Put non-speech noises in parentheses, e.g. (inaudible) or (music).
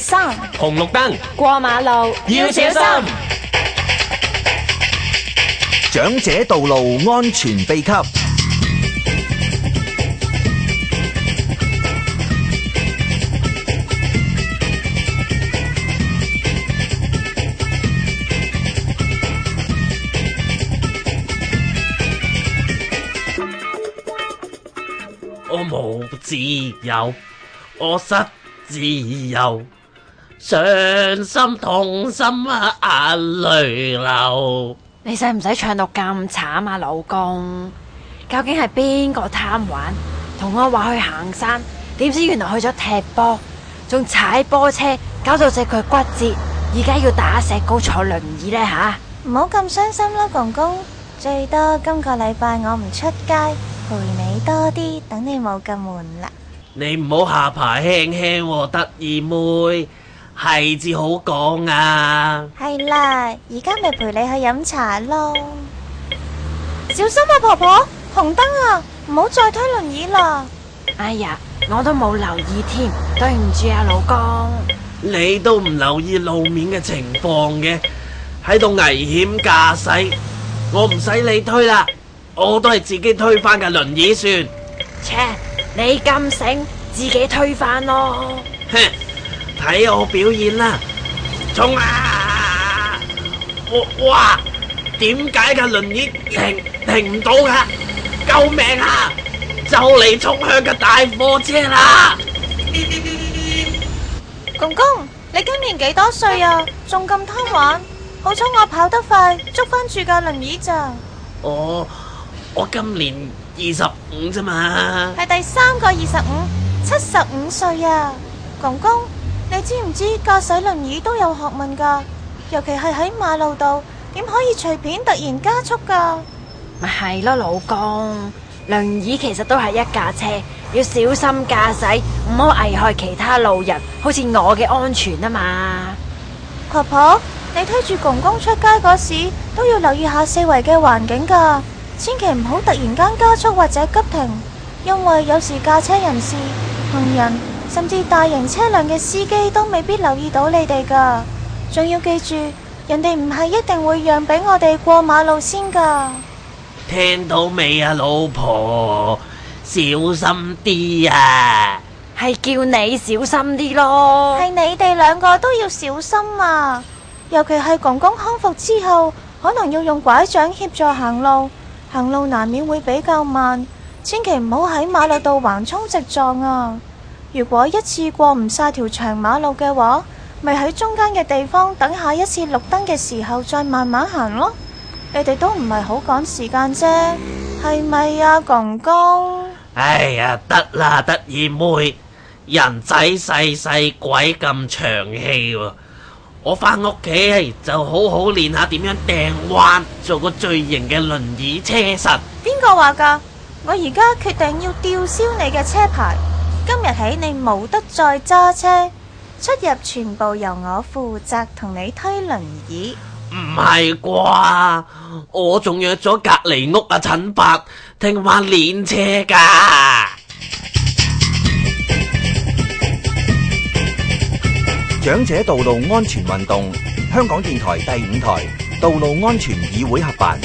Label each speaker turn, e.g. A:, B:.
A: 紅綠燈，
B: 過馬路要小心。
A: 長者道路安全秘笈。我冇自由，我失自由。傷心
C: 痛心啊，眼淚流。你使唔使唱到咁慘啊，老公？究竟係邊個貪玩？同我話去行山，點知原來去咗踢波，仲踩波車，搞到隻腳骨折，而家要打石膏坐輪椅呢。吓！
B: 唔好咁傷心啦，公公。最多今個禮拜我唔出街，陪你多啲，等你冇咁悶啦。
A: 你唔好下排輕輕，得意妹。係至好講啊！
B: 係啦，而家咪陪你去飲茶咯。小心啊，婆婆，紅燈啊，唔好再推輪椅啦。哎呀，我都冇留意添，對唔住啊，老公。
A: 你都唔留意路面嘅情況嘅，喺度危險駕駛。我唔使你推啦，我都係自己推返架輪椅算。
C: 切，你咁醒，自己推返咯。哼。 (laughs)
A: 睇我表演啦，衝啊！哇，點解個輪椅停
B: 停唔到噶？救命啊！就嚟衝向個大貨車啦！公公，你今年幾多歲啊？仲咁貪玩，好彩我跑得快，捉翻住個輪椅咋、啊？我
A: 我今年二十五咋嘛？
B: 係第三個二十五，七十五歲啊，公公。你知唔知駕駛輪椅都有學問㗎？尤其係喺馬路度，點可以隨便突然加速㗎？咪係咯，老公，輪椅
C: 其實都係一架車，要小心駕駛，唔好危害其他路人，好似我嘅安全啊嘛！
B: 婆婆，你推住公公出街嗰時，都要留意下四圍嘅環境㗎，千祈唔好突然間加速或者急停，因為有時駕車人士、行人，甚至大型車輛嘅司機都未必留意到你哋噶，仲要記住，人哋唔係一定會讓俾我哋過馬路先噶。
A: 聽到未啊，老婆？小心啲啊！
B: 係叫你小心啲咯。係你哋兩個都要小心啊！尤其係公公康復之後，可能要用拐杖協助行路，行路難免會比較慢，千祈唔好喺馬路度橫衝直撞啊！如果一次過唔晒條長馬路嘅話，咪喺中間嘅地方等下一次綠燈嘅時候再慢慢行咯。你哋都唔係好趕時間啫，係咪啊，公公？
A: 哎呀，得啦得二妹，人仔細細鬼咁長氣，我返屋企就好好練下點樣掟彎，做個最型嘅輪椅車神。
B: 邊個話噶？我而家決定要吊銷你嘅車牌。今日起你冇得再揸車，出入全部由我負責同你推輪椅。唔係
A: 啩？我仲約咗隔籬屋阿陳伯聽晚練車噶。長者道路安全運動，香港電台第五台，道路安全議會合辦。